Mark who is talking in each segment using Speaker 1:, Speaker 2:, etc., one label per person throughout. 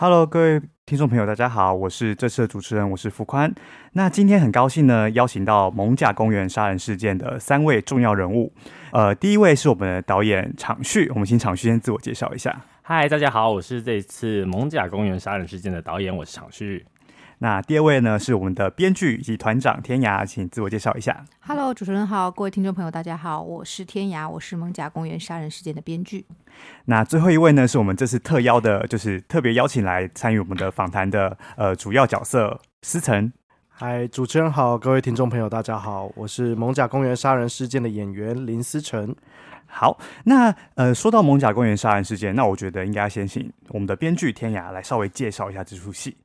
Speaker 1: Hello，各位聽眾朋友，大家好，我是這次的主持人，我是福寬。那今天很高興呢，邀請到《艋舺公園殺人事件》的三位重要人物。呃，第一位是我們的導演昶旭，我們請昶旭先自我介紹一下。
Speaker 2: Hi，大家好，我是這次《艋舺公園殺人事件》的導演，我是昶旭。那第二位呢，是我們的編劇以及團長天涯，請
Speaker 1: 自我介紹一下。
Speaker 3: Hello，主持人好，各位聽眾朋友，大家好，我是天涯，我是《艋舺公園殺人事件》的編劇。
Speaker 1: 那最後一位呢，是我們這次特邀的，就是特別邀請來參與我們的訪談的呃，主要角色思辰。
Speaker 4: Hi，主持人好，各位聽眾朋友，大家好，我是《艋舺公園殺人事件》的演員林思辰。好，那
Speaker 1: 呃，說到《艋舺公園殺人事件》，那我覺得應該要先請我們的編劇天涯來稍微介紹一下這出戲。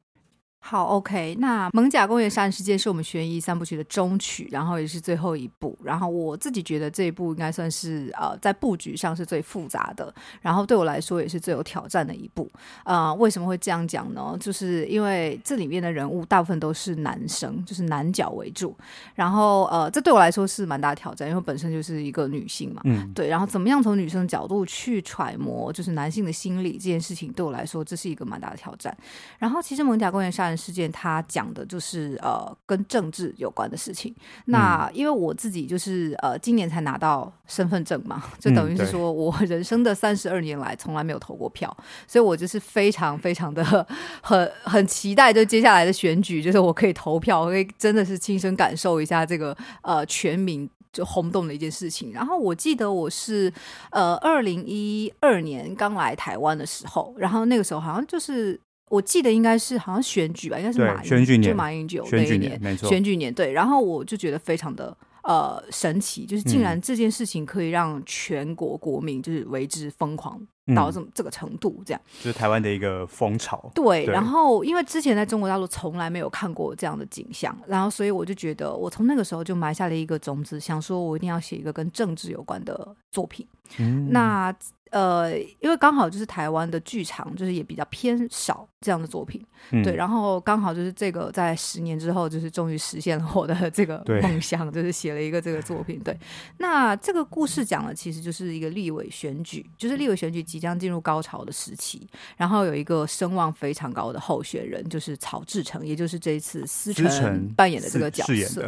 Speaker 3: 好，OK，那《艋舺公園殺人事件》是我們懸疑三部曲的終曲，然後也是最後一部，然後我自己覺得這一部應該算是呃，在布局上是最複雜的，然後對我來說也是最有挑戰的一部。呃，為什麼會這樣講呢？就是因為這裡面的人物大部分都是男生，就是男角為主。然後呃，這對我來說是蠻大的挑戰，因為本身就是一個女性嘛，嗯，對。然後怎麼樣從女生角度去揣摩就是男性的心理這件事情，對我來說，這是一個蠻大的挑戰。然後其實《艋舺公園殺人》事件他講的就是呃跟政治有關的事情。那因為我自己就是呃今年才拿到身份證嘛，嗯，就等於是說我人生的三十二年來從來沒有投過票，嗯，所以我就是非常非常的很很、很期待，就接下來的選舉，就是我可以投票，我可以真的是親身感受一下這個呃全民就轟動的一件事情。然後我記得我是呃二零一二年剛來台灣的時候，然後那個時候好像就是。我記得應該是好像選舉吧，應該是馬英，選舉年，就馬英九那一年，選舉年，沒錯，選舉年對。然後我就覺得非常的呃神奇，就是竟然這件事情可以讓全國國民就是為之瘋狂、嗯、到這麼這個程度，這樣。就
Speaker 1: 是台灣的一個風潮，對。對。然
Speaker 3: 後因為之前在中國大陸從來沒有看過這樣的景象，然後所以我就覺得我從那個時候就埋下了一個種子，想說我一定要寫一個跟政治有關的作品。嗯、那。呃，因為剛好就是台灣的劇場就是也比較偏少這樣的作品，嗯、對。然後剛好就是這個在十年之後，就是終於實現了我的這個夢想，就是寫了一個這個作品，對。那這個故事講的其實就是一個立委選舉，就是立委選舉即將進入高潮的時期。然後有一個聲望非常高的候選人，就是曹志成，也就是這一次思辰扮演的這個角色，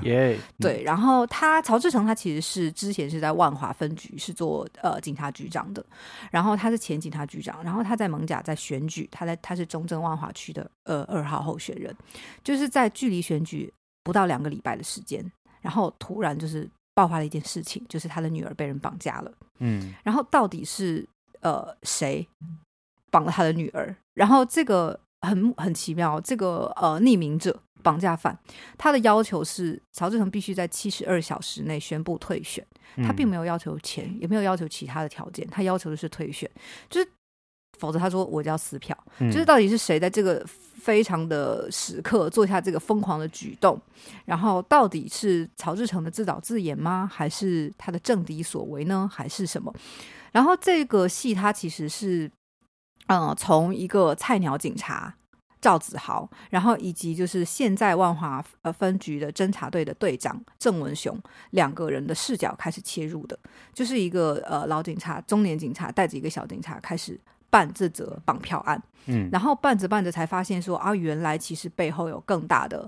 Speaker 3: 對。然後他曹志成他其實是之前是在萬華分局是做呃警察局長的。然後他是前警察局長，然後他在艋舺在選舉，他在他是中正萬華區的呃二號候選人，就是在距離選舉不到兩個禮拜的時間，然後突然就是爆發了一件事情，就是他的女兒被人綁架了，嗯，然後到底是呃誰綁了他的女兒？然後這個很很奇妙，這個呃匿名者。綁架犯，他的要求是曹志成必須在七十二小時內宣布退選，嗯。他並沒有要求錢，也沒有要求其他的條件，他要求的是退選，就是否則他說我就要撕票，嗯。就是到底是誰在這個非常的時刻做下這個瘋狂的舉動？然後到底是曹志成的自導自演嗎？還是他的政敵所為呢？還是什麼？然後這個戲他其實是，嗯、呃，從一個菜鳥警察。趙子豪，然後以及就是現在萬華呃分局的偵查隊的隊長鄭文雄兩個人的視角開始切入的，就是一個呃老警察、中年警察帶着一個小警察開始辦這則綁票案，嗯，然後辦着辦着才發現說啊，原來其實背後有更大的。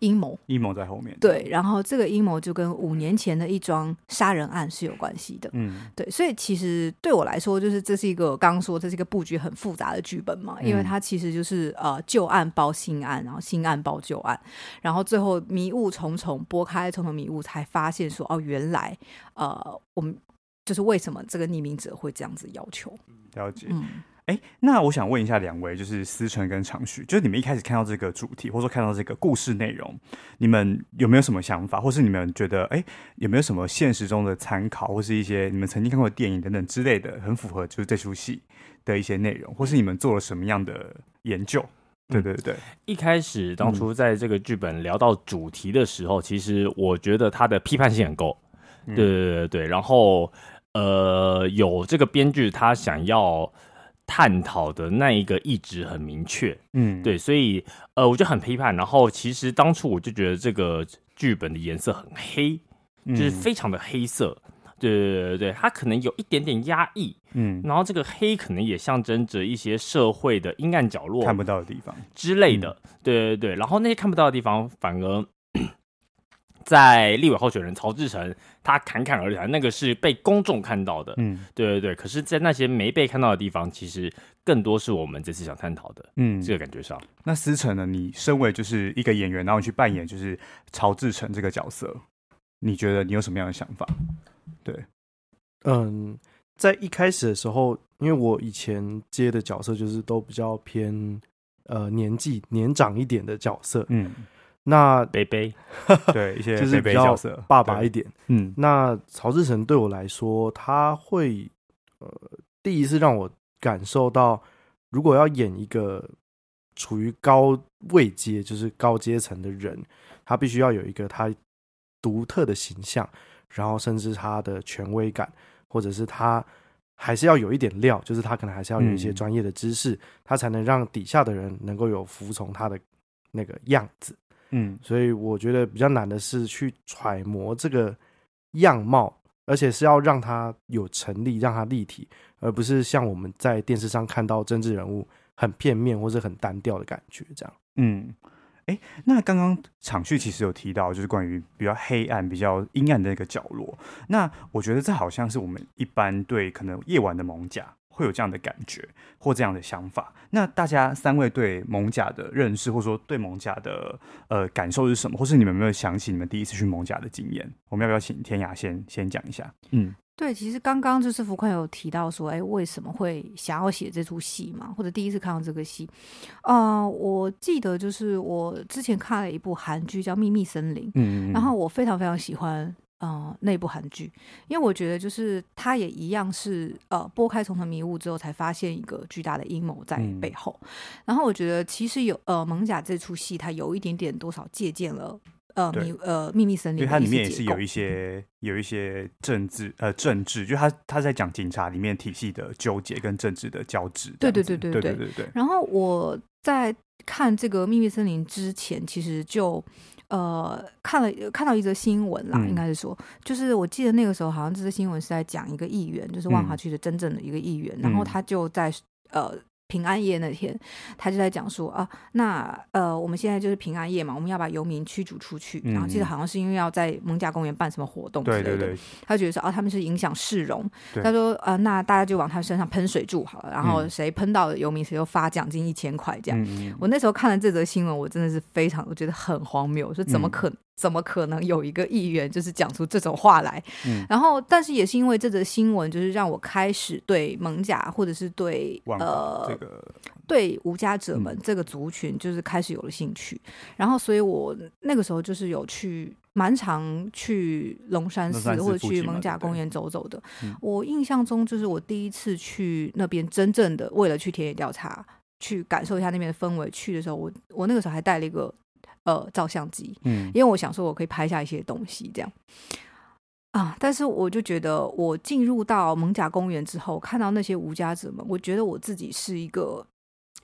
Speaker 3: 陰謀，
Speaker 1: 陰謀在後面。對，
Speaker 3: 然後這個陰謀就跟五年前的一樁殺人案是有關係的。嗯，對，所以其實對我來說，就是這是一個，剛剛說這是一個布局很複雜的劇本嘛，因為它其實就是、嗯、呃舊案包新案，然後新案包舊案，然後最後迷霧重重，撥開重重迷霧，才發現說哦、啊，原來呃我們就是為什麼這個匿名者會這樣子要求，嗯、
Speaker 1: 了解。嗯哎、欸，那我想問一下兩位，就是思辰跟昶旭，就是你們一開始看到這個主題，或者說看到這個故事內容，你們有沒有什麼想法，或是你們覺得，哎、欸，有沒有什麼現實中的參考，或是一些你們曾經看過的電影等等之類的，很符合就是這出戲的一些內容，或是你們做了什麼樣的研究？對
Speaker 2: 對對，對、嗯，一開始當初在這個劇本聊到主題的時候、嗯，其實我覺得他的批判性很夠，對，對對對，然後呃，有這個編劇他想要。探討的那一個一直很明確，嗯，對，所以呃，我就很批判。然後其實當初我就覺得這個劇本的顏色很黑、嗯，就是非常的黑色，對對對，它可能有一點點壓抑，嗯，然後這個黑可能也象徵着一些社會的陰暗角落看不到的地方之類的，對對對，然後那些看不到的地方反而。在立委候選人曹志成，他侃侃而談，那個是被公眾看到的，嗯，對對對。可是，在那些沒被看到的地方，其實更多是我們這次想探討的，嗯，這個感覺上。
Speaker 1: 那思辰呢？你身為就是一個演員，然後去扮演就是曹志成這個角色，你覺得你有什麼樣的想法？
Speaker 4: 對，嗯，在一開始的時候，因為我以前接的角色就是都比較偏呃年紀年長一點的角色，嗯。那北北，對，一些就是比較爸爸一點。嗯，伯伯，那曹志成對我來說，他會呃，第一次讓我感受到，如果要演一個處於高位階，就是高階層的人，他必須要有一個他獨特的形象，然後甚至他的權威感，或者是他還是要有一點料，就是他可能還是要有一些專業的知識，嗯，他才能讓底下的人能夠有服從他的那個樣子。嗯，所以我覺得比較難的是去揣摩這個樣貌，而且是要讓它有成立，讓它立體，而不是像我們在電視上看到政治人物很片面或者很單調的感覺，這樣。嗯，誒、欸，那剛剛
Speaker 1: 昶旭其實有提到，就是關於比較黑暗、比較陰暗的一個角落。那我覺得這好像是我們一般對可能夜晚的艋舺。會有這樣的感覺或這樣的想法，那大家三位對艋舺的認識，或者說對艋舺的呃感受，是什麼？或是你們有沒有想起你們第一次去艋舺的經驗？我們要不要請天涯先先講一下？嗯，
Speaker 3: 對，其實剛剛就是福寬有提到說，哎，為什麼會想要寫這出戲嘛？或者第一次看到這個戲啊，呃，我記得就是我之前看了一部韓劇叫《祕密森林》，嗯，嗯，然後我非常非常喜歡。呃，內部韓劇，因為我覺得就是他也一樣是呃，撥開重重迷霧之後才發現一個巨大的陰謀在背後，嗯。然後我覺得其實有呃，《艋舺》這出戲，他有一點點多少借鑑了呃，秘呃《秘密森林》對，它裡面也是有
Speaker 1: 一些有一些政治呃政治，就他他在講警察裡面體系的糾結跟政治的交織。對對對對對，對對對對對。然
Speaker 3: 後我在看這個《秘密森林》之前，其實就。呃，看了看到一則新聞啦、嗯，應該是說，就是我記得那個時候好像這則新聞是在講一個議員，就是萬華區的真正的一個議員，嗯、然後他就在呃。平安夜那天，他就在講說啊，那呃，我們現在就是平安夜嘛，我們要把遊民驅逐出去。嗯、然後記得好像是因為要在艋舺公園辦什麼活動之類的。對對對。他覺得說啊，他們是影響市容。他說啊、呃，那大家就往他身上噴水柱好了，然後誰噴到了遊民，誰就發獎金一千塊這樣、嗯。我那時候看了這則新聞，我真的是非常，我覺得很荒謬。我說怎麼可能？嗯怎麼可能有一個議員就是講出這種話來？嗯、然後但是也是因為這則新聞，就是讓我開始對艋舺或者是對呃、
Speaker 1: 這
Speaker 3: 個，對無家者們這個族群，就是開始有了興趣。嗯、然後，所以我那個時候就是有去蠻常去龍山寺，龍山寺或者去艋舺公園走走的。嗯、我印象中，就是我第一次去那邊，真正的為了去田野調查，去感受一下那邊的氛圍。去的時候我，我我那個時候還帶了一個。呃，照相機，嗯，因為我想說，我可以拍下一些東西，這樣、嗯、啊。但是我就覺得，我進入到艋舺公園之後，看到那些無家者們，我覺得我自己是一個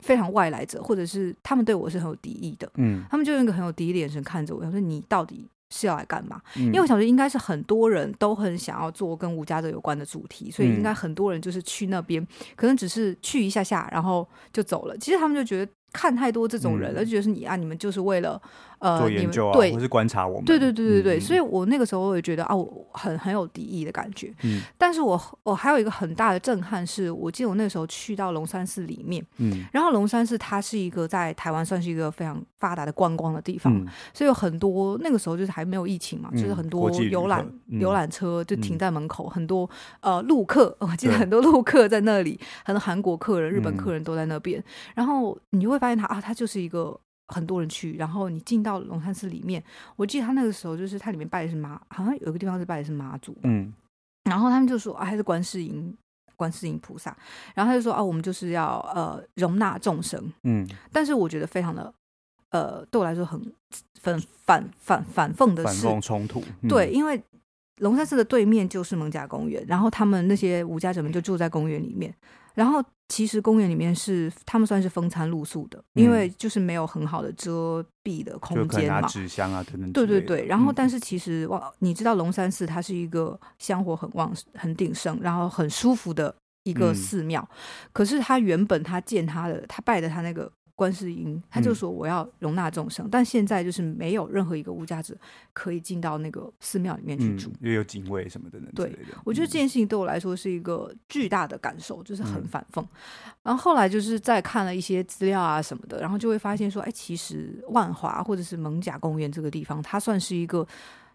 Speaker 3: 非常外來者，或者是他們對我是很有敵意的，嗯，他們就用一個很有敵意的眼神看着我，想說：“你到底是要來幹嘛？”嗯、因為我想說，應該是很多人都很想要做跟無家者有關的主題，所以應該很多人就是去那邊，可能只是去一下下，然後就走了。其實他們就覺得。看太多這種人了，而且覺得是你啊，你們就是為了、嗯、呃做研究不、啊、是觀
Speaker 1: 察我們。對對對對對，嗯、所以
Speaker 3: 我那個時候我也覺得啊，我很很有敵意的感覺。嗯、但是我我還有一個很大的震撼是，是我記得我那時候去到龍山寺裡面，嗯、然後龍山寺它是一個在台灣算是一個非常發達的觀光的地方，嗯、所以有很多那個時候就是還沒有疫情嘛，嗯、就是很多遊覽遊覽車就停在門口，嗯、很多呃陸客，我記得很多陸客在那裡，很多韓國客人、日本客人都在那邊、嗯，然後你就會，發現他啊，他就是一個很多人去，然後你進到龍山寺裡面，我記得他那個時候就是他裡面拜的是媽，好像有個地方是拜的是媽祖，嗯，然後他們就說啊還是觀世音，觀世音菩薩，然後他就說啊我們就是要呃容納眾生，嗯，但是我覺得非常的呃對我來說很很反反反諷的反
Speaker 1: 衝突、嗯，對，因
Speaker 3: 為龍山寺的對面就是艋舺公園，然後他們那些無家者們就住在公園裡面。然後其實公園裡面是他們算是風餐露宿的、嗯，因為就是沒有很好的遮蔽的空間嘛。紙
Speaker 1: 箱啊、等等。對對對。嗯、然後，
Speaker 3: 但是其實，哇，你知道龍山寺它是一個香火很旺，很鼎盛，然後很舒服的一個寺廟。嗯，可是他原本他建他的，他拜的他那個。觀世音，他就說我要容納眾生、嗯，但現在就是沒有任何一個無家者，可以進到那個寺廟裡面去住，
Speaker 1: 也、嗯、有警衛什麼等等的。對，
Speaker 3: 我覺得這件事情對我來說是一個巨大的感受，就是很反諷、嗯。然後後來就是再看了一些資料啊什麼的，然後就會發現說，哎，其實萬華或者是艋舺公園這個地方，它算是一個。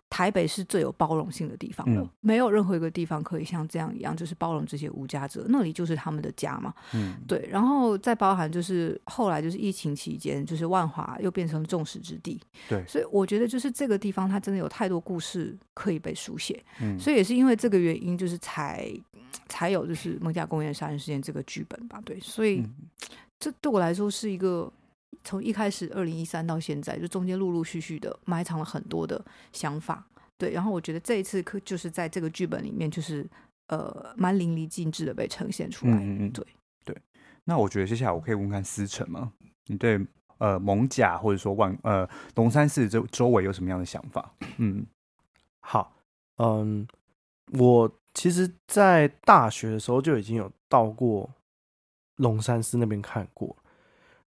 Speaker 3: 台北是最有包容性的地方了，嗯，沒有任何一個地方可以像這樣一樣，就是包容這些無家者，那裡就是他們的家嘛。嗯，對。然後再包含就是後來就是疫情期間，就是萬華又變成眾矢之的。對，所以我覺得就是這個地方它真的有太多故事可以被書寫。嗯，所以也是因為這個原因，就是才才有就是艋舺公園殺人事件這個劇本吧。對，所以這對我來說是一個。從一開始，二零一三到現在，就中間陸陸續續的埋藏了很多的想法，對。然後我覺得這一次可就是在這個劇本裡面，就是呃，蠻淋漓盡致的被呈
Speaker 1: 現出來。嗯對對。那我覺得接下來我可以問看思辰嗎？嗯、你對呃艋舺或者說萬呃龍山寺周周圍有什麼樣的想法？嗯，
Speaker 4: 好。嗯，我其實在大學的時候就已經有到過龍山寺那邊看過。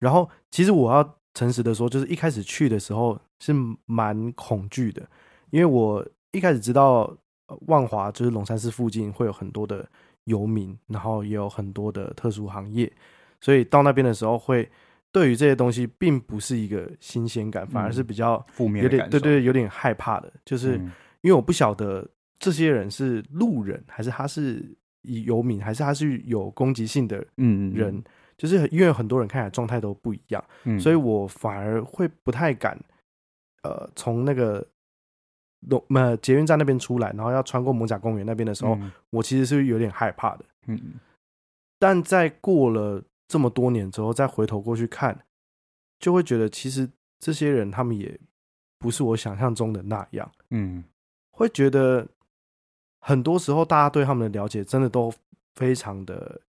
Speaker 4: 然後，其實我要誠實的說，就是一開始去的時候是蠻恐懼的，因為我一開始知道萬華就是龍山寺附近會有很多的游民，然後也有很多的特殊行業，所以到那邊的時候，會對於這些東西並不是一個新鮮感，反而是比較負面，有點對對，有點害怕的，就是因為我不曉得這些人是路人，還是他是以游民，還是他是有攻擊性的人，嗯。就是因為很多人看起來狀態都不一樣，所以我反而會不太敢，呃，從那個龍呃捷運站那邊出來，然後要穿過艋舺公園那邊的時候，我其實是有點害怕的。嗯，但在過了這麼多年之後，再回頭過去看，就會覺得其實這些人他們也不是我想象中的那樣。嗯，會覺得很多時候大家對他們的了解真的都非常的。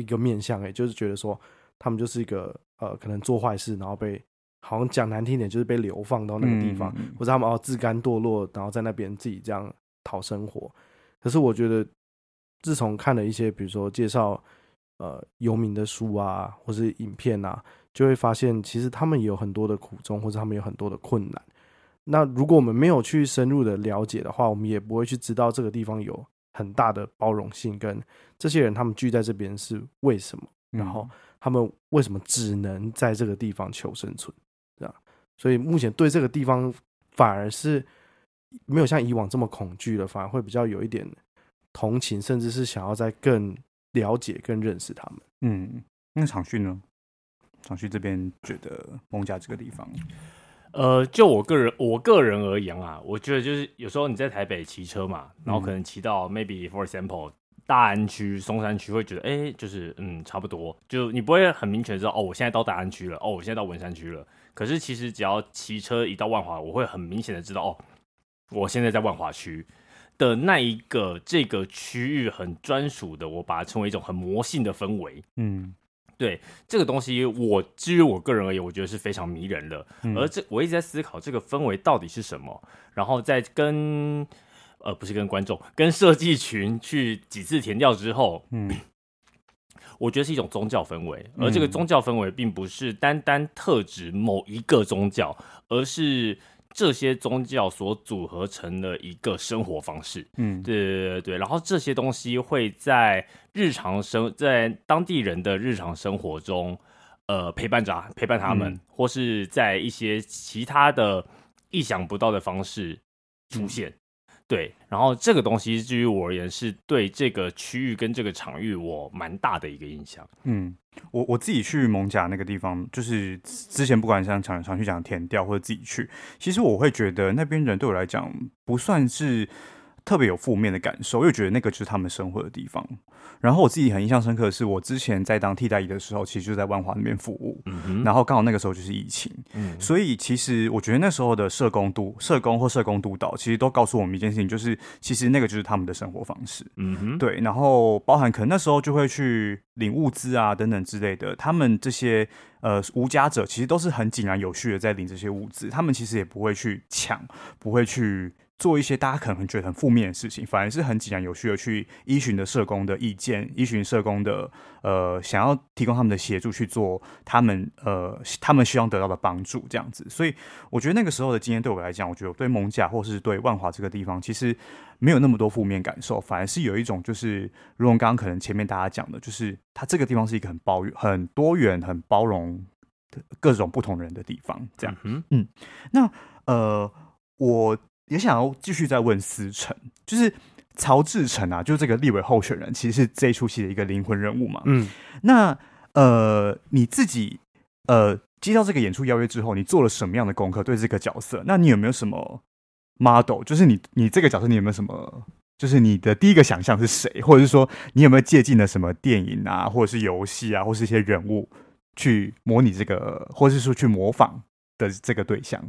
Speaker 4: 一個面向，哎、欸，就是覺得說他們就是一個呃，可能做壞事，然後被好像講難聽點，就是被流放到那個地方，嗯、或者他們哦、呃、自甘墮落，然後在那邊自己這樣討生活。可是我覺得，自從看了一些比如說介紹呃遊民的書啊，或是影片啊，就會發現其實他們也有很多的苦衷，或者他們有很多的困難。那如果我們沒有去深入的了解的話，我們也不會去知道這個地方有很大的包容性跟。這些人他們聚在這邊是為什麼、嗯？然後他們為什麼只能在這個地方求生存是吧？所以目前對這個地方反而是沒有像以往這麼恐懼了，反而會比較有一點同情，甚至是想要再更了解、更認識他們。
Speaker 1: 嗯，那昶旭呢？昶旭這邊覺得艋
Speaker 2: 舺這個地方，呃，就我個人我個人而言啊，我覺得就是有時候你在台北騎車嘛，然後可能騎到、嗯、maybe for example。大安區、松山區會覺得，哎、欸，就是，嗯，差不多。就你不會很明確知道，哦，我現在到大安區了，哦，我現在到文山區了。可是其實只要騎車一到萬華，我會很明顯的知道，哦，我現在在萬華區的那一個這個區域很專屬的，我把它稱為一種很魔性的氛圍。嗯，對這個東西我，我至於我個人而言，我覺得是非常迷人的。嗯、而這我一直在思考這個氛圍到底是什麼，然後再跟。而、呃、不是跟觀眾、跟設計群去幾次田調之後，嗯， 我覺得是一種宗教氛圍、嗯，而這個宗教氛圍並不是單單特指某一個宗教，而是這些宗教所組合成的一個生活方式。嗯，對對，對，對。然後這些東西會在日常生在當地人的日常生活中，呃、陪伴着陪伴他們、嗯，或是在一些其他的意想不到的方式出現。嗯。對，然後這個東西，基於我而言，是對這個區域跟這個場域，我蠻大的一個印象。
Speaker 1: 嗯，我我自己去艋舺那個地方，就是之前不管像常常去講田調，或者自己去，其實我會覺得那邊人對我來講，不算是。特別有負面的感受，又覺得那個就是他們生活的地方。然後我自己很印象深刻的是，我之前在當替代役的時候，其實就在萬華那邊服務。嗯哼。然後剛好那個時候就是疫情，嗯。所以其實我覺得那時候的社工督、社工或社工督導，其實都告訴我們一件事情，就是其實那個就是他們的生活方式。嗯哼。對。然後包含可能那時候就會去領物資啊等等之類的，他們這些呃無家者，其實都是很井然有序的在領這些物資。他們其實也不會去搶，不會去。做一些大家可能覺得很負面的事情，反而是很井然有序的去依循的社工的意見，依循社工的呃想要提供他們的協助去做他們呃他們希望得到的幫助這樣子。所以我覺得那個時候的經驗對我來講，我覺得我對艋舺或是對萬華這個地方其實沒有那麼多負面感受，反而是有一種就是，如果剛剛可能前面大家講的，就是它這個地方是一個很包、很多元、很包容各種不同人的地方這樣子嗯。嗯，那呃我。也想要繼續再問思辰，就是曹志成啊，就是這個立委候選人，其實是這一出戲的一個靈魂人物嘛。嗯，那呃，你自己呃接到這個演出邀約之後，你做了什麼樣的功課？對這個角色，那你有沒有什麼 model？就是你你這個角色，你有沒有什麼？就是你的第一個想象是誰？或者是說，你有沒有借鑑了什麼電影啊，或者是遊戲啊，或者是一些人物去模擬這個，或者是說去模仿
Speaker 4: 的這個對象？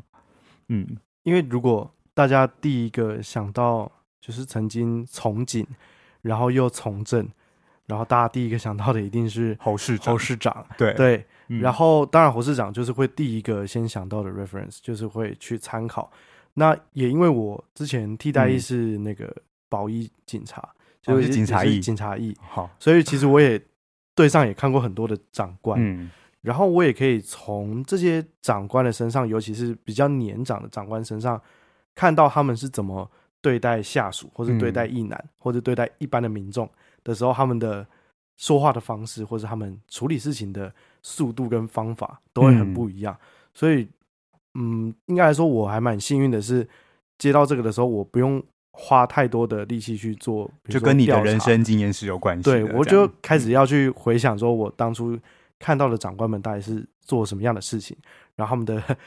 Speaker 4: 嗯，因為如果大家第一個想到就是曾經從警，然後又從政，然後大家第一個想到的一定是侯市長。侯市長，對對、嗯。然後當然侯市長就是會第一個先想到的 reference，就是會去參考。那也因為我之前替代役是那個保一警察，嗯、就是警察役，哦、警察役。好，所以其實我也隊上也看過很多的長官，嗯、然後我也可以從這些長官的身上，尤其是比較年長的長官身上。看到他們是怎麼對待下屬，或者對待一男、嗯，或者對待一般的民眾的時候，他們的說話的方式，或者他們處理事情的速度跟方法都會很不一樣、嗯。所以，嗯，應該來說，我還蠻幸運的是，接到這個的時候，我不用花太多的力氣去做，就跟你的人生
Speaker 1: 經驗是有關係。對，我就
Speaker 4: 開始要去回想，說我當初看到的長官們大概是做什麼樣的事情，然後他們的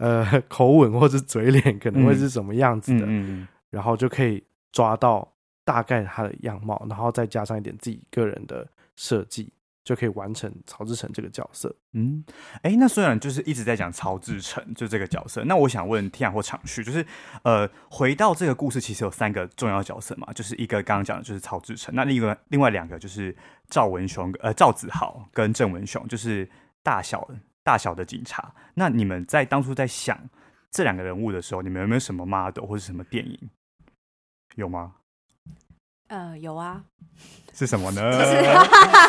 Speaker 4: 呃，口吻或者嘴臉可能會是什麼樣子的、嗯嗯嗯，然後就可以抓到大概他的樣貌，然後再加上一點自己個人的設計，就可以完成曹志成這個角色。
Speaker 2: 嗯，
Speaker 4: 哎，那雖然就是一直在講
Speaker 1: 曹志成就這個角色，那我想問天涯或昶旭，就是呃，回到這個故事，其實有三個重要角色嘛，就是一個剛剛講的就是曹志成，那另外另外兩個就是趙文雄呃趙子豪跟鄭文雄，就是大小人。大小的警察，那你們在當初在想這兩個人物的時候，你們有沒有什麼 model 或是什麼電影？有嗎？
Speaker 3: 呃，有啊。
Speaker 1: 是什麼呢？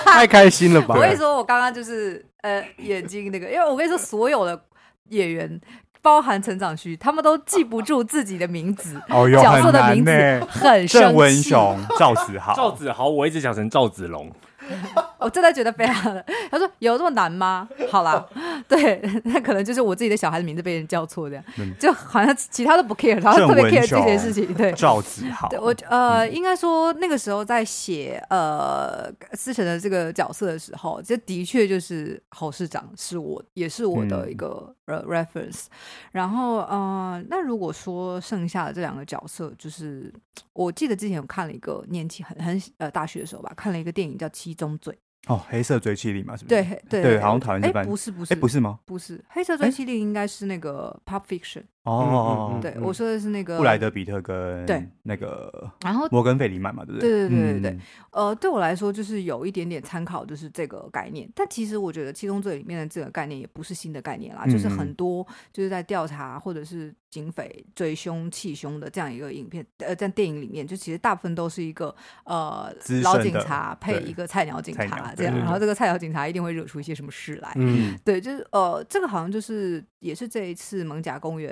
Speaker 3: 太開心了吧！ 我跟你說，我剛剛就是呃，眼睛那個，因為我跟你說，所有的演員， 包含陳昶旭，他們都記不住自己的名字，哦、角色的名字很、欸，很像文雄、
Speaker 2: 趙子豪、趙子豪，我一直想成趙子龍。
Speaker 3: 我真的覺得非常的。他說：“有這麼難嗎？”好啦。對，那可能就是我自己的小孩的名字被人叫錯這樣，就好像其他都不 care 然後特別 care 這件事情。對，
Speaker 1: 趙子豪，我
Speaker 3: 呃，應該說那個時候在寫呃思辰的這個角色的時候，這的確就是侯市長，是我也是我的一個呃 reference。然後，呃，那如果說剩下的這兩個角色，就是我記得之前我看了一個年輕很很呃大學的時候吧，看了一個電影叫《七》。中嘴
Speaker 1: 哦，黑色追緝令嘛，是不是？對對對，好像台灣這邊、欸、不是不是、欸、不是嗎？
Speaker 3: 不是，黑色追緝令應該是那個《Pulp Fiction》欸。哦，嗯嗯、對、嗯，我說的是那個布萊德
Speaker 1: 彼特跟對那個，然後摩根費里曼嘛，對不對？對對
Speaker 3: 對對對、嗯。呃，對我來說就是有一點點參考，就是這個概念。但其實我覺得七宗罪裡面的這個概念也不是新的概念啦，嗯、就是很多就是在調查或者是警匪追凶、緝凶的這樣一個影片，嗯、呃，在電影裡面就其實大部分都是一個呃老警察配一個菜鳥警察鳥這樣，對對對對然後這個菜鳥警察一定會惹出一些什麼事來。嗯，對，就是呃，這個好像就是。也是這一次《艋舺公園》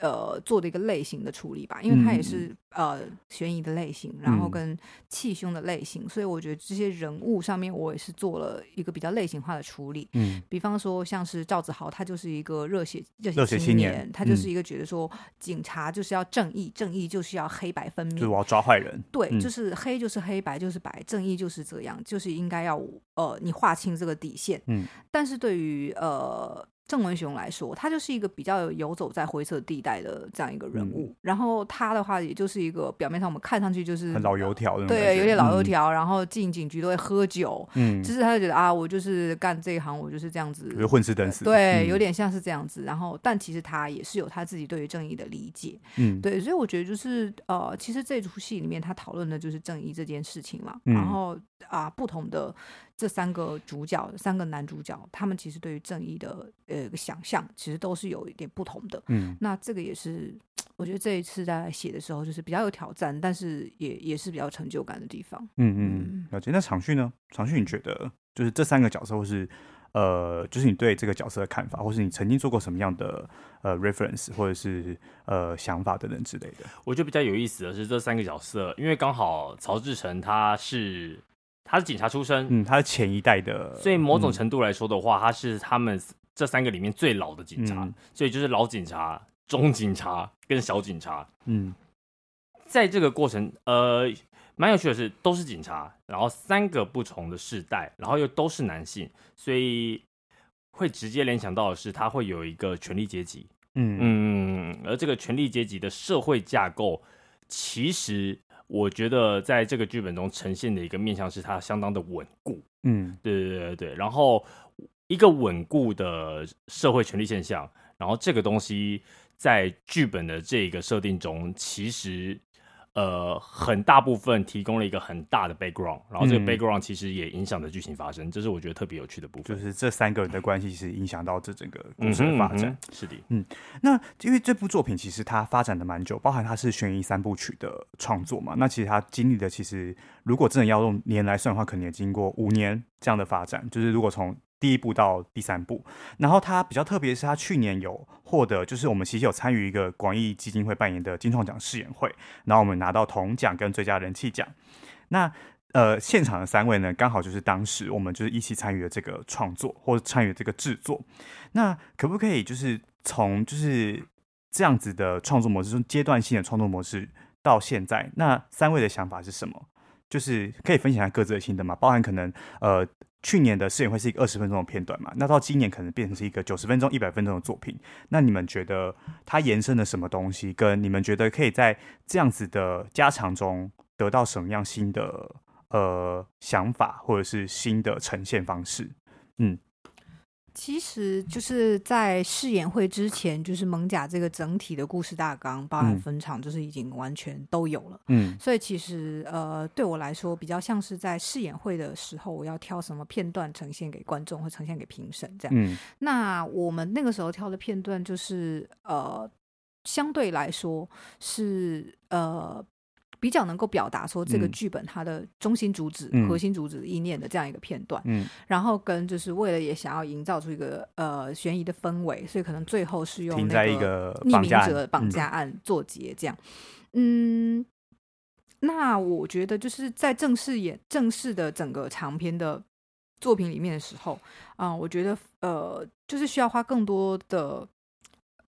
Speaker 3: 呃做的一個類型的處理吧，因為它也是、嗯、呃懸疑的類型，然後跟氣胸的類型、嗯，所以我覺得這些人物上面我也是做了一個比較類型化的處理。嗯，比方說像是趙子豪，他就是一個熱血熱血，熱血青年，他就是一個覺得說警察就是要正義，嗯、正義就是要黑白分明，就是
Speaker 1: 我要抓壞人。對、嗯，就是
Speaker 3: 黑就是黑白就是白，正義就是這樣，就是應該要呃你劃清這個底線。嗯，但是對於呃。鄭文雄來說，他就是一個比較游走在灰色地帶的這樣一個人物。嗯、然後他的話，也就是一個表面上我們看上去就是很老
Speaker 1: 油條，對，有點老油條、
Speaker 3: 嗯。然後進警局都會喝酒，
Speaker 1: 嗯，
Speaker 2: 就是
Speaker 3: 他就覺得啊，我就是幹這一行，我就是這樣子，混吃等死，對，對、嗯，有點像是這樣子。然後，但其實他也是有他自己對於正義的理解，嗯，對。所以我覺得就是呃，其實這出戲裡面他討論的就是正義這件事情嘛。嗯、然後啊，不同的。這三個主角，三個男主角，他們其實對於正義的呃想象，其實都是有一點不同的。嗯，那這個也是我覺得這一次在寫的時候，就是比較有挑戰，但是也也是比較成就感的地方。
Speaker 1: 嗯嗯，了解。那昶旭呢？昶旭，你覺得就是這三個角色，或是呃，就是你對這個角色的看法，或是你曾經做過什麼樣的呃 reference，或者是呃想法等等之類的？
Speaker 2: 我覺得比較有意思的是這三個角色，因為剛好曹志成他是。他是警察出身，嗯，他是前一代的，所以某種程度來說的話，嗯，他是他們這三個裡面最老的警察，嗯，所以就是老警察、中警察，嗯，跟小警察，嗯，在這個過程，呃，蠻有趣的是，都是警察，然後三個不同的世代，然後又都是男性，所以會直接聯想到的是，他會有一個權力階級，嗯嗯，而這個權力階級的社會架構，其實。我覺得在這個劇本中呈現的一個面向是它相當的穩固，嗯，對對對對，然後一個穩固的社會權力現象，然後這個東西在劇本的這個設定中其實。呃，很大部分提供了一個很大的 background，然後這個 background 其實也影響着劇情發生，嗯，這是我覺得特別有趣的部分。就是這三個人的關係其實影響到這整個故事的發展，嗯嗯嗯，
Speaker 1: 是的，嗯。那因為這部作品其實它發展的蠻久，包含它是懸疑三部曲的創作嘛，那其實它經歷的其實如果真的要用年來算的話，可能也經過五年這樣的發展，就是如果從。第一部到第三部，然後他比較特別的是，他去年有獲得，就是我們其實有參與一個廣藝基金會扮演的金創獎試演會，然後我們拿到銅獎跟最佳人氣獎。那呃，現場的三位呢，剛好就是當時我們就是一起參與了這個創作或者參與的這個制作。那可不可以就是從就是這樣子的創作模式中，階段性的創作模式到現在，那三位的想法是什麼？就是可以分享下各自的心得嘛，包含可能呃。去年的試演會是一個二十分鐘的片段嘛？那到今年可能變成是一個九十分鐘、一百分鐘的作品。那你們覺得它延伸了什麼東西？跟你們覺得可以在這樣子的加長中得到什麼樣新的呃想法，或者是新的呈現方式？嗯。
Speaker 3: 其實就是在試演會之前，就是艋舺這個整體的故事大綱，包含分場，就是已經完全都有了。嗯，所以其實呃，對我來說，比較像是在試演會的時候，我要挑什麼片段呈現給觀眾，或呈現給評審這樣。嗯，那我們那個時候挑的片段，就是呃，相對來說是呃。比較能夠表達說，這個劇本它的中心主旨、嗯、核心主旨意念的這樣一個片段，嗯嗯，然後跟就是為了也想要營造出一個呃懸疑的氛圍，所以可能最後是用那個匿名者綁架案做結，這樣嗯。嗯，那我覺得就是在正式演正式的整個長篇的作品裡面的時候啊、呃，我覺得呃，就是需要花更多的，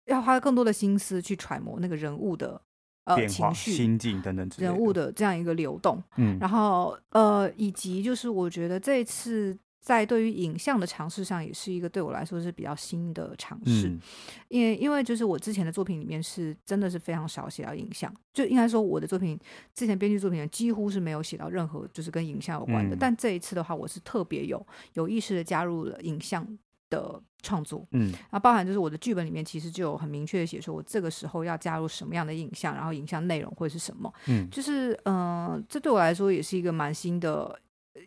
Speaker 3: 要花更多的心思去揣摩那個人物的。呃情，情緒、心境等等之類的人物的這樣一個流動，嗯，然後呃，以及就是我覺得這一次在對於影像的嘗試上，也是一個對我來說是比較新的嘗試，
Speaker 2: 嗯，
Speaker 3: 因為因為就是我之前的作品裡面是真的是非常少寫到影像，就應該說我的作品之前編劇作品幾乎是沒有寫到任何就是跟影像有關的，嗯，但這一次的話，我是特別有有意識的加入了影像，的創作，嗯，那、啊、包含就是我的劇本裡面其實就有很明確的寫說我這個時候要加入什麼樣的影像，然後影像內容會是什麼，嗯，就是嗯、呃，這對我來說也是一個蠻新的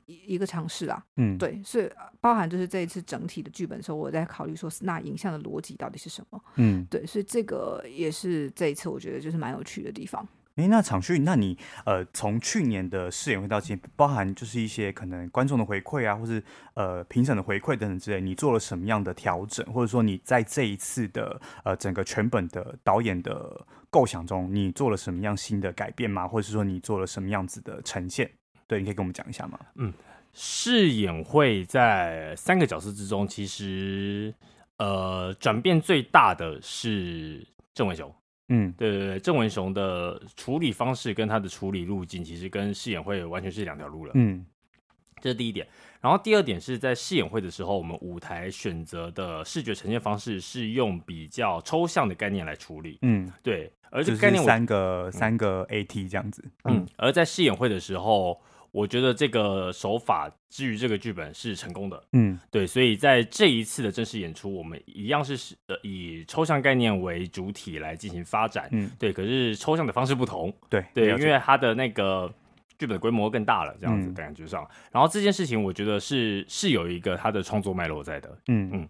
Speaker 3: 一個嘗試啦，嗯，對，所以包含就是這一次整體的劇本的時候，我在考慮說那影像的邏輯到底是什麼，嗯，對，所以這個也是這一次我覺得就是蠻有趣的地方。
Speaker 1: 哎，那昶旭，那你呃，從去年的試演會到今，包含就是一些可能觀眾的回饋啊，或是呃評審的回饋等等之類，你做了什麼樣的調整？或者說你在這一次的呃整個全本的導演的構想中，你做了什麼樣新的改變嗎？或者是說你做了什麼樣子的呈現？對，你可以跟我們講一下嗎？嗯，試演
Speaker 2: 會在三個角色之中，其實呃轉變最大的是鄭偉雄。嗯，對對對，鄭文雄的處理方式跟他的處理路徑，其實跟試演會完全是兩條路了。嗯，這是第一點。然後第二點是在試演會的時候，我們舞台選擇的視覺呈現方式是用比較抽象的概念來處理。嗯，對，而這個概念三個、嗯、三個 AT 這樣子。嗯，嗯，而在試演會的時候。我覺得這個手法之於這個劇本是成功的，嗯，對，所以在這一次的正式演出，我們一樣是呃以抽象概念為主體來進行發展，嗯，對，可是抽象的方式不同，對對，因為它的那個劇本的規模更大了，這樣子感覺上、嗯，然後這件事情我覺得是是有一個它的創作脈絡在的，嗯
Speaker 1: 嗯。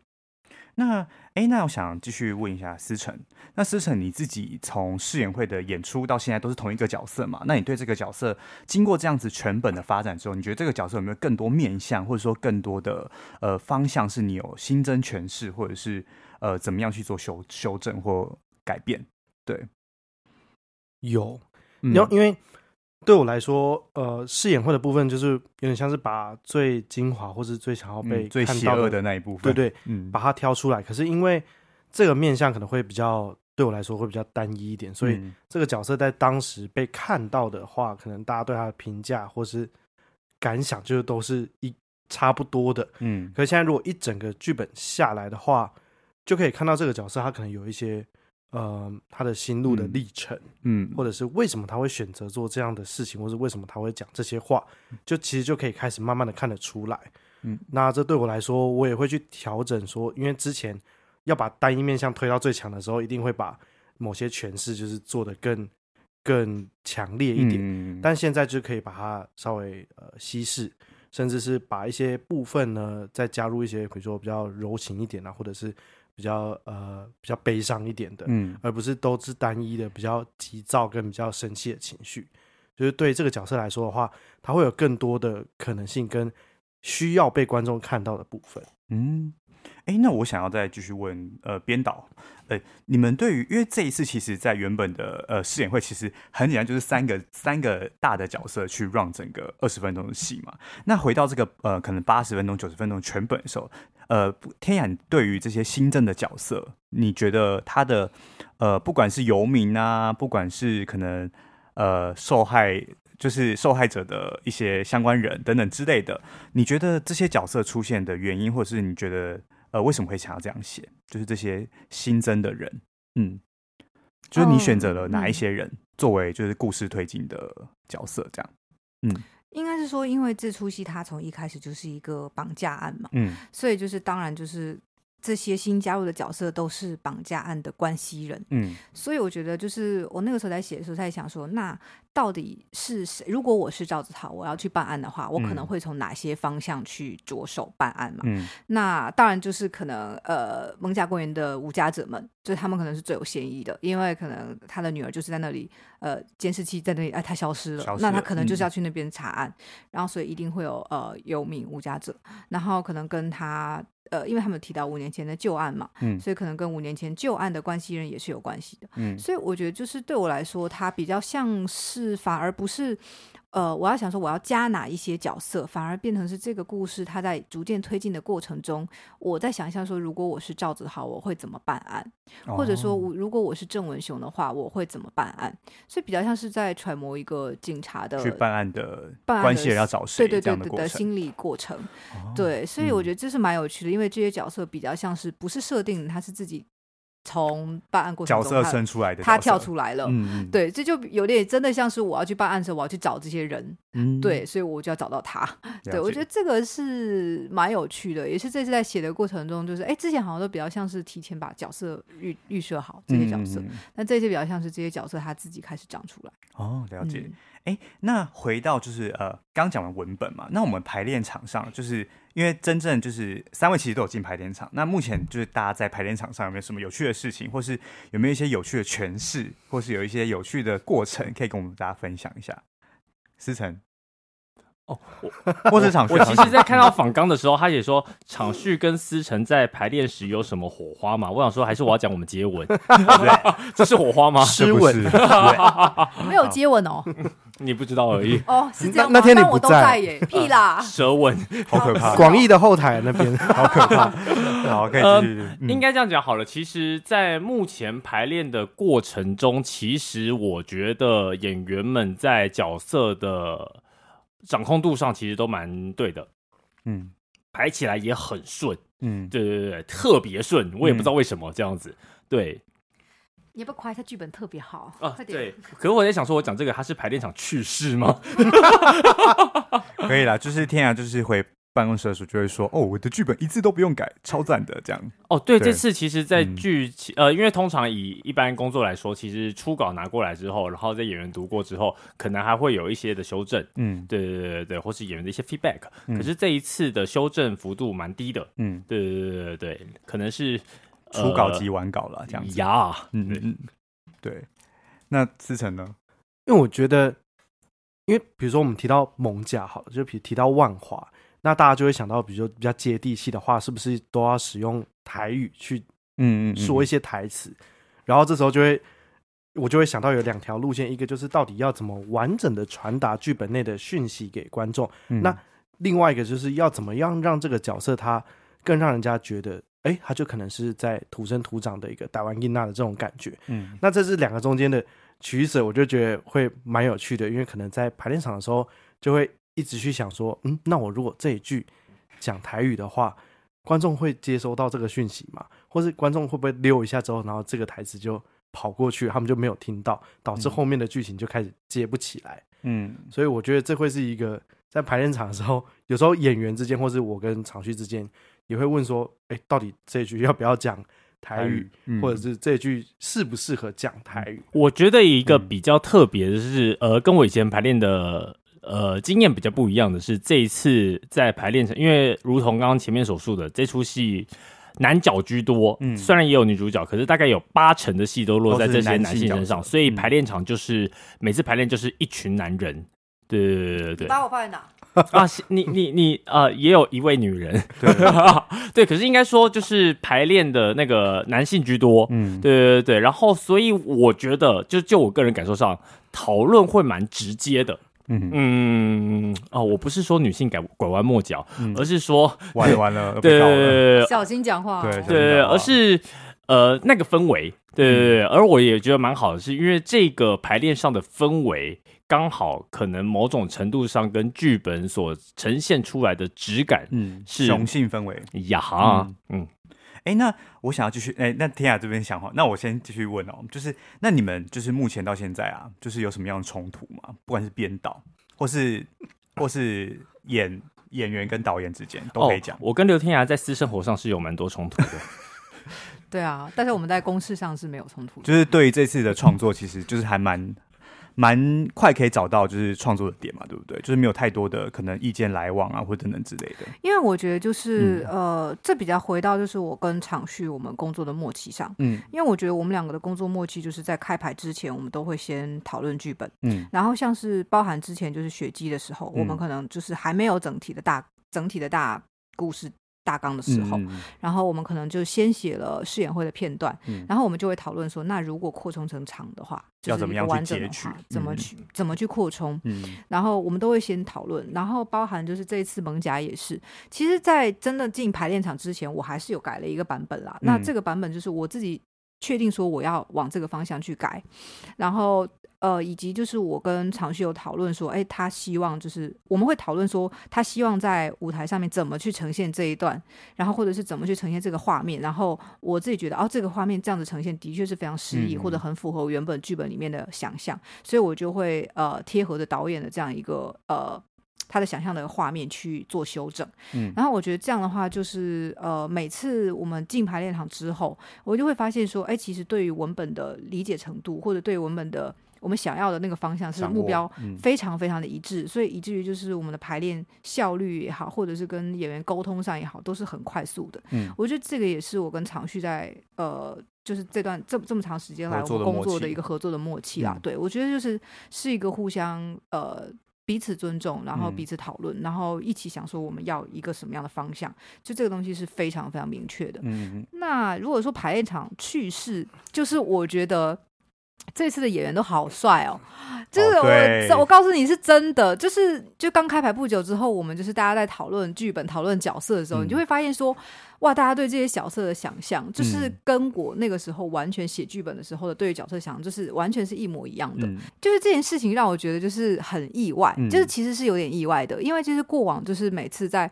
Speaker 1: 那哎，那我想繼續問一下思辰。那思辰，你自己從試演會的演出到現在都是同一個角色嘛？那你對這個角色經過這樣子全本的發展之後，你覺得這個角色有沒有更多面向，或者說更多的呃方向是你有新增詮釋，或者是呃怎麼樣去做修修正或改變？對，
Speaker 4: 有，嗯，因為。對我來說，呃，飾演會的部分就是有點像是把最精華或是最想要被看到的，嗯，的那一部分，對對對，嗯，把它挑出來。可是因為這個面向可能會比較，對我來說會比較單一一點，所以這個角色在當時被看到的話，可能大家對他的評價或是感想就是都是一差不多的。嗯，可是現在如果一整個劇本下來的話，就可以看到這個角色他可能有一些。呃，他的心路的歷程嗯，嗯，或者是為什麼他會選擇做這樣的事情，或者是為什麼他會講這些話，就其實就可以開始慢慢的看得出來，嗯，那這對我來說，我也會去調整說，因為之前要把單一面向推到最強的時候，一定會把某些詮釋就是做得更更強烈一點，嗯，但現在就可以把它稍微呃稀釋，甚至是把一些部分呢再加入一些，比如說比較柔情一點啊，或者是。比較呃比較悲傷一點的，嗯，而不是都是單一的比較急躁跟比較生氣的情緒，就是對這個角色來說的話，他會有更多的可能性跟需要被觀眾看到的部分，嗯。
Speaker 1: 哎、欸，那我想要再繼續問，呃，編導，呃、欸，你們對於因為這一次，其實，在原本的呃試演會，其實很簡單，就是三個三個大的角色去 run 整個二十分鐘的戲嘛。那回到這個呃，可能八十分鐘、九十分鐘全本的時候，呃，天涯對於這些新增的角色，你覺得他的呃，不管是遊民啊，不管是可能呃受害，就是受害者的一些相關人等等之類的，你覺得這些角色出現的原因，或者是你覺得？呃，為什麼會想要這樣寫？就是這些新增的人，
Speaker 4: 嗯，
Speaker 1: 就是你選擇了哪一些人作為就是故事推進的角色？這樣，
Speaker 3: 嗯，應該是說，因為這出戲它從一開始就是一個綁架案嘛，嗯，所以就是當然就是這些新加入的角色都是綁架案的關係人，嗯，所以我覺得就是我那個時候在寫的時候在想說那，到底是誰？如果我是趙子韜，我要去辦案的話，我可能會從哪些方向去着手辦案嘛？嗯、那當然就是可能呃，艋舺公園的無家者們，就他們可能是最有嫌疑的，因為可能他的女兒就是在那裡，呃，監視器在那裡，哎，他消失了，失了，那他可能就是要去那邊查案，嗯、然後所以一定會有呃，遊民無家者，然後可能跟他呃，因為他們提到五年前的舊案嘛、嗯，所以可能跟五年前舊案的關係人也是有關係的、嗯，所以我覺得就是對我來說，他比較像是。是反而不是，呃，我要想說我要加哪一些角色，反而變成是這個故事它在逐漸推進的過程中，我在想象說，如果我是趙子豪，我會怎麼辦案，或者說，如果我是鄭文雄的話，我會怎麼辦案？所以比較像是在揣摩一個警察的，辦案的去辦案的關係，辦案的人要找誰，對對對的心理過程、哦。對，所以我覺得這是蠻有趣的，因為這些角色比較像是不是設定他是自己。從辦案過程中他，角色生出來的，他跳出來了。嗯嗯，對，這就有點真的像是我要去辦案的時候，我要去找這些人。嗯，嗯，對，所以我就要找到他。嗯嗯，對，我覺得這個是蠻有趣的，也是這次在寫的過程中，就是哎、欸，之前好像都比較像是提前把角色預預設好這些角色，那、嗯嗯、這些比較像是這些角色他自己開始長出來。哦，
Speaker 1: 了解。哎、嗯欸，那回到就是呃剛講完文本嘛，那我們排練場上就是。因為真正就是三位其實都有進排練場，那目前就是大家在排練場上有沒有什麼有趣的事情，或是有沒有一些有趣的詮釋，或是有一些有趣的過程，可以跟我們大家分享
Speaker 2: 一下？思辰，哦，我是場，我，場我其實，在看到訪綱的時候， 他也說昶旭跟思辰在排練時有什麼火花嘛？我想說，還是我要講我們接吻， 這是火花嗎？濕 吻不是，
Speaker 3: 對 沒有接吻哦。
Speaker 2: 你不知道而已。哦，是這樣。那天你不在耶，屁、嗯、啦！舌吻， 好可怕。廣
Speaker 4: 義的後台那邊，好可怕。
Speaker 1: 好、呃、OK，
Speaker 2: 應該這樣講好了。其實，在目前排練的過程中，其實我覺得演員們在角色的掌控度上，其實都蠻對的。嗯，排起來也很順。嗯，對對對，特別順。我也不知道為什麼這樣子。嗯、對。
Speaker 3: 也不要不要誇一下劇本特別好啊點！
Speaker 2: 對，可是我在想說，我講這個它是排練場
Speaker 1: 趣事嗎？啊、 可以啦，就是天涯，就是回辦公室的時候就會說：“哦，我的劇本一次都不用改，超讚的。”這樣哦對，對，這次
Speaker 2: 其實在，在、嗯、劇呃，因為通常以一般工作來說，其實初稿拿過來之後，然後在演員讀過之後，可能還會有一些的修正。嗯，對對對對對，或是演員的一些 feedback、嗯。可是這一次的修正幅度蠻低的。嗯，對對對對對，可能是。初稿及完稿了，這樣子，呃。y 嗯嗯，
Speaker 4: 對。那思辰呢？因為我覺得，因為比如說我們提到艋舺，好了，就比如提到萬華，那大家就會想到，比如說比較接地氣的話，是不是都要使用台語去，嗯嗯，說一些台詞，嗯嗯嗯？然後這時候就會，我就會想到有兩條路線，一個就是到底要怎麼完整的傳達劇本內的訊息給觀眾，嗯，那另外一個就是要怎麼樣讓這個角色他更讓人家覺得。哎、欸，他就可能是在土生土長的一個台灣囡仔的這種感覺。嗯，那這是兩個中間的取捨，我就覺得會蠻有趣的，因為可能在排練場的時候，就會一直去想說，嗯，那我如果這一句講台語的話，觀眾會接收到這個訊息嗎？或是觀眾會不會溜一下之後，然後這個台詞就跑過去，他們就沒有聽到，導致後面的劇情就開始接不起來。嗯，所以我覺得這會是一個在排練場的時候，有時候演員之間，或是我跟昶旭之間。也會問說，哎，到底這句要不要講台語，台語嗯、或者是這句適不適合講台語？
Speaker 2: 我覺得一個比較特別的是，嗯、呃，跟我以前排練的呃經驗比較不一樣的是，這一次在排練場，因為如同剛剛前面所述的，這出戲男角居多、嗯，雖然也有女主角，可是大概有八成的戲都落在這些男性身上，所以排練場就是每次排練就是一群男人。對對對對，把我放在哪啊？你你你啊、呃，也有一位女人， 對對、 啊、對，可是應該說就是排練的那個男性居多，嗯，對對對，然後所以我覺得就就我個人感受上，討論會蠻直接的，嗯，嗯啊，我不是說女性拐拐彎抹角，而是說拐彎、嗯、 了，了，對、哦、對，小心講話，對對，而是。呃，那個氛圍，對不對不對、嗯，而我也覺得蠻好的是，是因為這個排練上的氛圍，剛好可能某種程度上跟劇本所呈現出來的質感，嗯，雄性氛圍，呀哈，嗯，哎、嗯欸，那我想要繼續，哎、欸，那天涯這邊想哈，
Speaker 1: 那我先繼續問哦，就是那你們就是目前到現在啊，就是有什麼樣的衝突嗎？不管是編導，或是或是演演員跟導演之間都可以講、哦，我跟劉天涯在私生
Speaker 2: 活上是有蠻多衝突的。
Speaker 3: 對啊，但是我們在公事上是沒有衝突的。就是
Speaker 1: 對於這次的創作，其實就是還蠻蠻 快可以找到就是創作的點嘛，對不對？就是沒有太多的可能意見來往啊，或者等等之類的。
Speaker 3: 因為我覺得就是、嗯、呃，這比較回到就是我跟昶旭我們工作的默契上，嗯，因為我覺得我們兩個的工作默契就是在開排之前，我們都會先討論劇本，嗯，然後像是包含之前就是雪姬的時候、嗯，我們可能就是還沒有整體的大整體的大故事。大綱的時候、嗯，然後我們可能就先寫了試演會的片段、嗯，然後我們就會討論說，那如果擴充成長的話，要怎麼樣去截取、怎麼去、嗯、怎麼去擴充、嗯？然後我們都會先討論，然後包含就是這一次艋舺也是，其實，在真的進排練場之前，我還是有改了一個版本啦。嗯、那這個版本就是我自己。確定說我要往這個方向去改，然後呃，以及就是我跟昶旭有討論說，哎，他希望就是我們會討論說，他希望在舞台上面怎麼去呈現這一段，然後或者是怎麼去呈現這個畫面，然後我自己覺得哦，這個畫面這樣子呈現的確是非常詩意，嗯嗯，或者很符合原本劇本裡面的想象，所以我就會呃貼合着導演的這樣一個呃。他的想象的畫面去做修正，嗯，然後我覺得這樣的話就是，呃，每次我們進排練場之後，我就會發現說，哎，其實對於文本的理解程度，或者對於文本的我們想要的那個方向是目標非常非常的一致。嗯，所以以至於就是我們的排練效率也好，或者是跟演員溝通上也好，都是很快速的。嗯，我覺得這個也是我跟昶旭在呃，就是這段這麼這麼長時間來我們工作的一個合作的默契啦。契。嗯，對，我覺得就是是一個互相呃。彼此尊重，然後彼此討論、嗯，然後一起想說，我們要一個什麼樣的方向。就這個東西是非常非常明確的。嗯、那如果說排練場趣事，就是我覺得這次的演員都好帥哦。這、就、個、是、我、哦、我告訴你是真的，就是就剛開排不久之後，我們就是大家在討論劇本、討論角色的時候，嗯、你就會發現說。哇！大家對這些角色的想象，就是跟我那個時候完全寫劇本的時候的對於角色想象，就是完全是一模一樣的、嗯。就是這件事情讓我覺得就是很意外、嗯，就是其實是有點意外的，因為就是過往就是每次在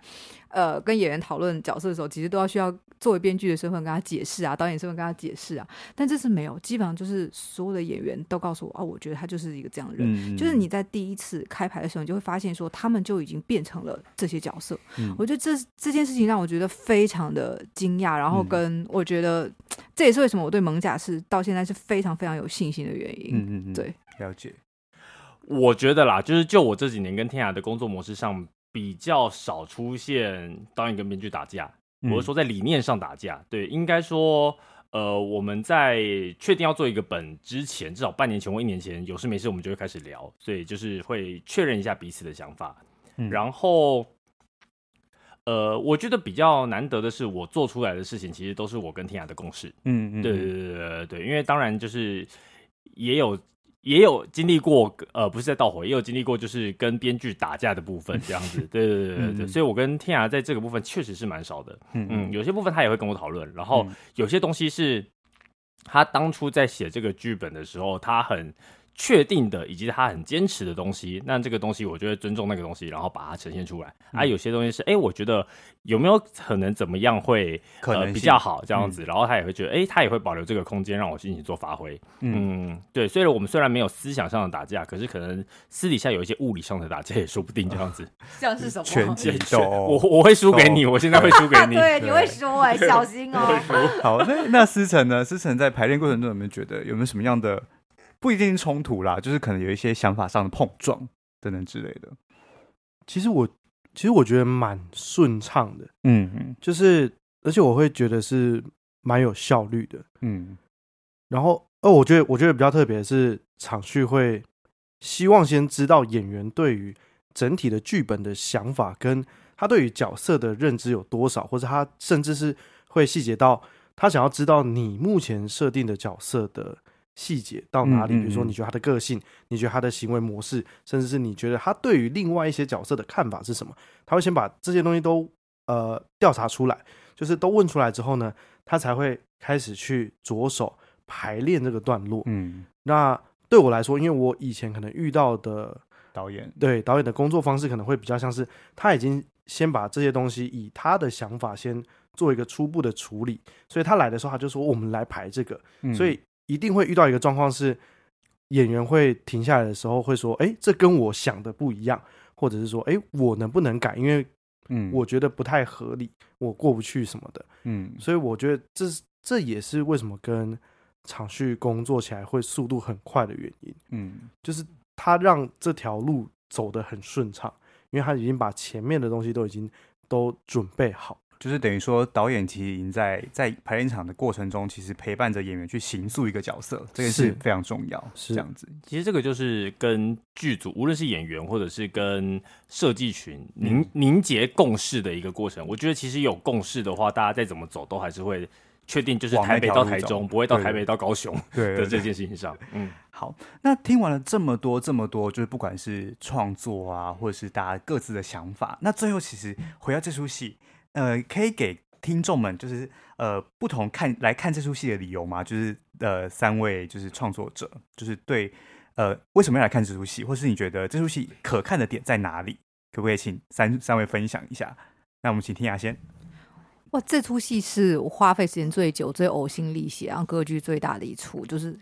Speaker 3: 呃跟演員討論角色的時候，其實都要需要作為編劇的身份跟他解釋啊，導演身份跟他解釋啊，但這次沒有，基本上就是所有的演員都告訴我，啊，我覺得他就是一個這樣的人。嗯、就是你在第一次開排的時候，你就會發現說，他們就已經變成了這些角色。嗯、我覺得這這件事情讓我覺得非常。的驚訝，然後跟我覺得、嗯，這也是為什麼我對艋舺是到現在是非常非常有信心的原因。嗯嗯，嗯對，
Speaker 2: 了解。我覺得啦，就是就我這幾年跟天涯的工作模式上，比較少出現導演跟編劇打架、嗯，我是說在理念上打架。對，應該說，呃，我們在確定要做一個本之前，至少半年前或一年前，有事沒事我們就會開始聊，所以就是會確認一下彼此的想法，嗯、然後。呃，我覺得比較難得的是，我做出來的事情其實都是我跟天涯的共識。嗯嗯，嗯，對對對，對，對，對，因為當然就是也有也有經歷過，呃，不是在盜火，也有經歷過就是跟編劇打架的部分這樣子。 對，對對對對對，嗯嗯，所以我跟天涯在這個部分確實是蠻少的。嗯，嗯嗯，有些部分他也會跟我討論，然後有些東西是他當初在寫這個劇本的時候，他很。確定的以及他很堅持的東西，那這個東西我就會尊重那個東西，然後把它呈現出來。而、嗯啊、有些東西是，哎、欸，我覺得有沒有可能怎麼樣會可能、呃、比較好這樣子、嗯，然後他也會覺得，哎、欸，他也會保留這個空間讓我進行做發揮、嗯。嗯，對。所以，我們雖然沒有思想上的打架，可是可能私底下有一些物理上的打架也說不定這、啊。這樣子像是什麼全接受。 我我會輸給你，我
Speaker 1: 現在會輸給你 對對。對，你會
Speaker 2: 輸、欸，哎，小心哦、喔。
Speaker 1: 好，那那思辰呢？ 思辰在排練過程中有沒有覺得有沒有什麼樣的？不一定衝突啦，就是可能有一些想法上的碰撞
Speaker 4: 等等之類的。其實我其實我覺得蠻順暢的，
Speaker 1: 嗯，
Speaker 4: 就是而且我會覺得是蠻有效率的，嗯。然後哦，我覺得我覺得比較特別的是，昶旭會希望先知道演員對於整體的劇本的想法，跟他對於角色的認知有多少，或者他甚至是會細節到他想要知道你目前設定的角色的。細節到哪裡？比如說，你覺得他的個性嗯嗯嗯，你覺得他的行為模式，甚至是你覺得他對於另外一些角色的看法是什麼？他會先把這些東西都呃調查出來，就是都問出來之後呢，他才會開始去着手排練這個段落。嗯，那對我來說，因為我以前可能遇到的導演，對，導演的工作方式可能會比較像是他已經先把這些東西以他的想法先做一個初步的處理，所以他來的時候他就說：“我們來排這個。”嗯，所以。一定會遇到一個狀況是，演員會停下來的時候會說：“哎，這跟我想的不一樣。”或者是說：“哎，我能不能改？因為嗯，我覺得不太合理、嗯，我過不去什麼的。”嗯，所以我覺得這這也是為什麼跟昶旭工作起來會速度很快的原因。嗯，就是他讓這條路走得很順暢，因為他已經把前面的東西都已經都準備好。
Speaker 1: 就是等於說，導演其實已經在在排練場的過程中，其實陪伴着演員去形塑一個角色，這個是非常重要。是這樣子。
Speaker 2: 其實這個就是跟劇組，無論是演員或者是跟設計群凝、嗯、凝結共識的一個過程。我覺得其實有共識的話，大家再怎麼走，都還是會確定，就是台北到台中，不會到台北到高雄的 這件事情上對對對。嗯，好。
Speaker 1: 那聽完了這麼多這麼多，就是不管是創作啊，或者是大家各自的想法，那最後其實、嗯、回到這出戲。呃，可以給聽眾們就是呃不同看來看這齣戲的理由嗎？就是呃三位就是創作者，就是對呃為什麼要來看這齣戲，或是你覺得這齣戲可看的點在哪裡？可不可以請三三位分享一下？那我們請天涯先。
Speaker 3: 哇，這出戲是我花費時間最久、最嘔心瀝血、然後格局最大的一出，就是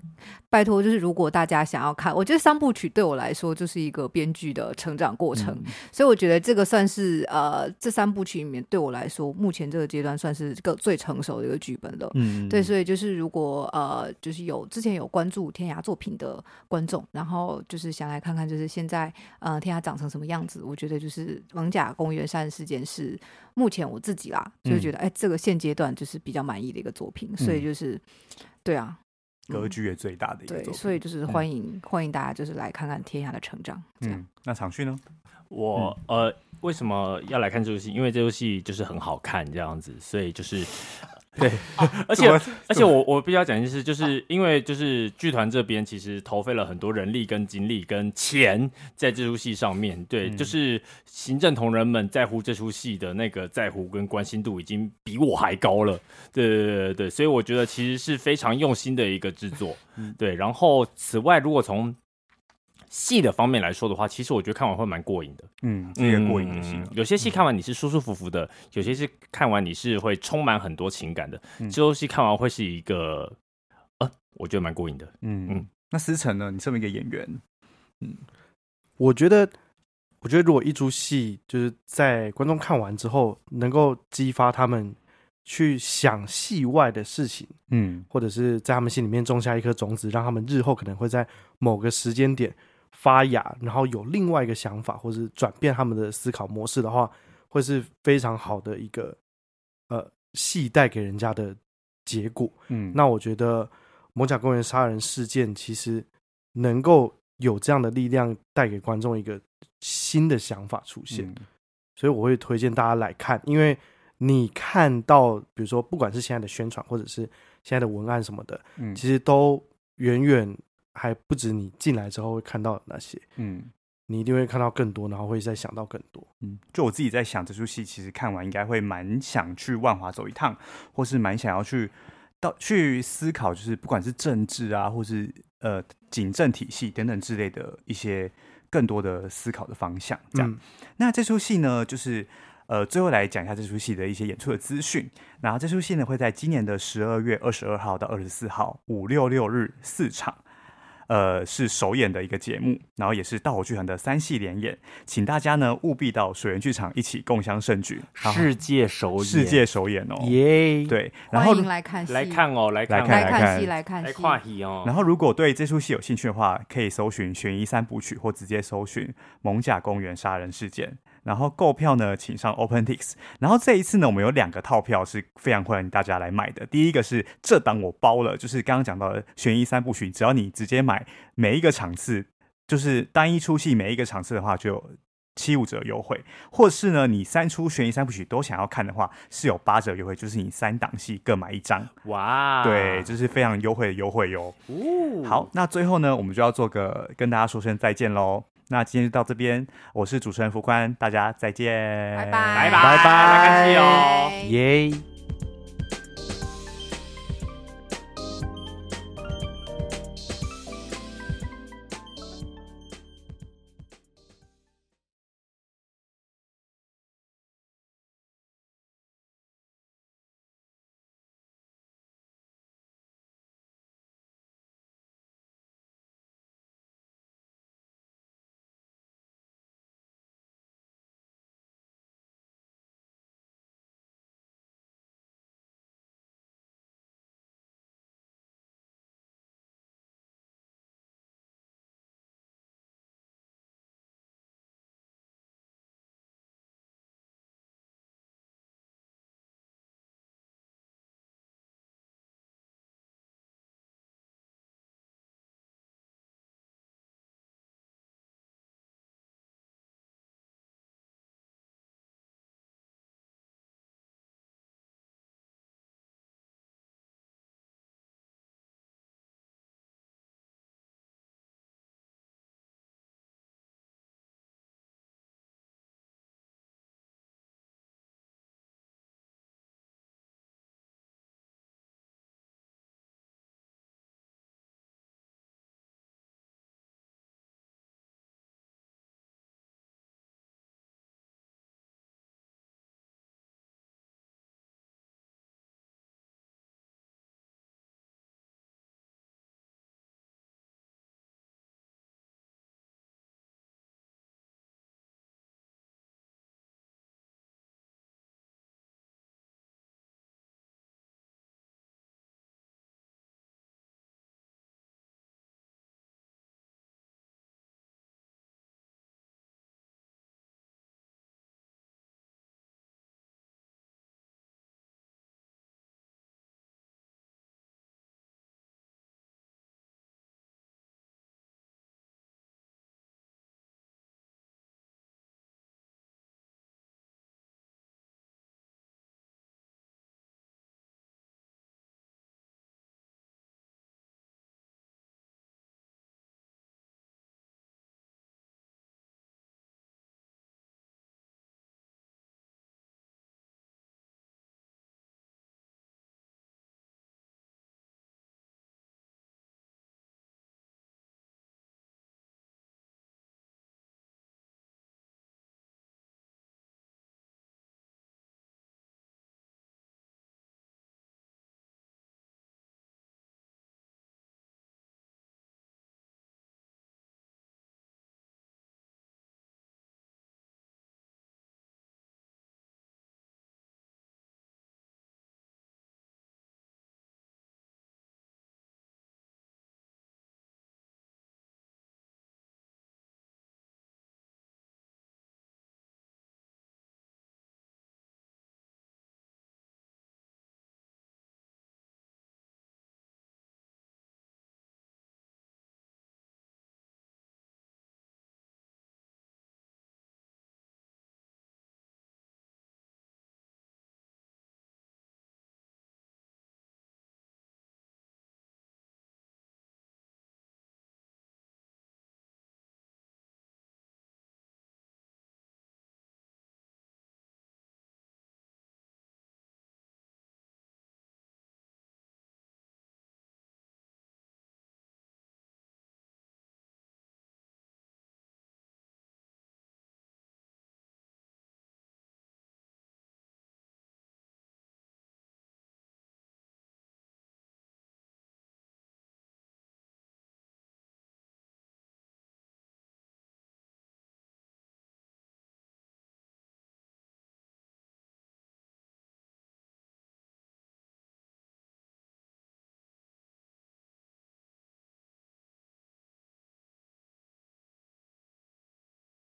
Speaker 3: 拜託，就是如果大家想要看，我覺得三部曲對我來說就是一個編劇的成長過程，嗯、所以我覺得這個算是呃，這三部曲裡面對我來說，目前這個階段算是個最成熟的一個劇本了。嗯，對，所以就是如果呃，就是有之前有關注天涯作品的觀眾，然後就是想來看看，就是現在呃，天涯長成什麼樣子，我覺得就是《艋舺公園殺人事件》是。目前我自己啦，就覺得哎、嗯欸，這個現階段就是比較滿意的一個作品，嗯，所以就是，對啊，格
Speaker 2: 局也最大的一個、嗯、對，所以就是歡
Speaker 3: 迎、嗯、歡迎大家就是來看看《天涯的成長》嗯、這樣。
Speaker 2: 嗯、那昶旭呢？我呃，為什麼要來看這部戲？因為這部戲就是很好看這樣子，所以就是。 對、啊啊，而且而且我我必須要講一件事，就是因為就是劇團這邊其實投費了很多人力跟精力跟錢在這齣戲上面對、嗯，就是行政同仁們在乎這齣戲的那個在乎跟關心度已經比我還高了，對對對對，所以我覺得其實是非常用心的一個製作、嗯，對。然後此外，如果從戲的方面來說的話，其實我覺得看完會蠻過癮的。嗯，這個、過癮的、嗯、有些戲看完你是舒舒服服的，嗯、有些是看完你是會充滿很多情感的。這齣戲看完會是一個，呃、啊，我覺得蠻過癮的。嗯
Speaker 4: 嗯，那思辰呢？你這麼一個演員，嗯，我覺得，我覺得如果一出戲就是在觀眾看完之後能夠激發他們去想戲外的事情，嗯，或者是在他們心裡面種下一顆種子，讓他們日後可能會在某個時間點。發芽，然後有另外一個想法，或是轉變他們的思考模式的話，會是非常好的一個呃，戲帶給人家的結果。嗯，那我覺得《艋舺公園》殺人事件其實能夠有這樣的力量帶給觀眾一個新的想法出現，嗯、所以我會推薦大家來看，因為你看到，比如說，不管是現在的宣傳，或者是現在的文案什麼的，嗯、其實都遠遠。還不止你進來之後會看到的那些，嗯，你一定會看到更多，然後會再想到更多，
Speaker 1: 嗯，就我自己在想，這出戲其實看完應該會蠻想去萬華走一趟，或是蠻想要去到去思考，就是不管是政治啊，或是呃，警政體系等等之類的一些更多的思考的方向，這樣。嗯。那這出戲呢，就是呃，最後來講一下這出戲的一些演出的資訊，然後這出戲呢會在今年的十二月二十二號到二十四號，五六六日四場。呃，是首演的一個節目，然後也是盜火劇團的三戲連演，請大家呢務必到水源劇場一起共襄盛舉。世界首演，世界首演哦，耶、yeah！對，然後來
Speaker 2: 看來看哦，來看來看來看，來看戲哦。然後，
Speaker 1: 如果對這出戲有興趣的話，可以搜尋《懸疑三部曲》，或直接搜尋《艋舺公園殺人事件》。然後購票呢，請上 OpenTix。然後這一次呢，我們有兩個套票是非常歡迎大家來買的。第一個是這檔我包了，就是剛剛講到的懸疑三部曲，只要你直接買每一個場次，就是單一出戲每一個場次的話，就有七五折優惠；或是呢，你三出懸疑三部曲都想要看的話，是有八折優惠，就是你三檔戲各買一張。
Speaker 2: 哇！對，
Speaker 1: 就是非常優惠的優惠喲。
Speaker 2: 哦。好，
Speaker 1: 那最後呢，我們就要做個跟大家說聲再見嘍。那今天就到這邊，我是主持人福寬，大家再見，拜拜，拜拜，拜拜，再見
Speaker 4: 哦，耶。
Speaker 2: 耶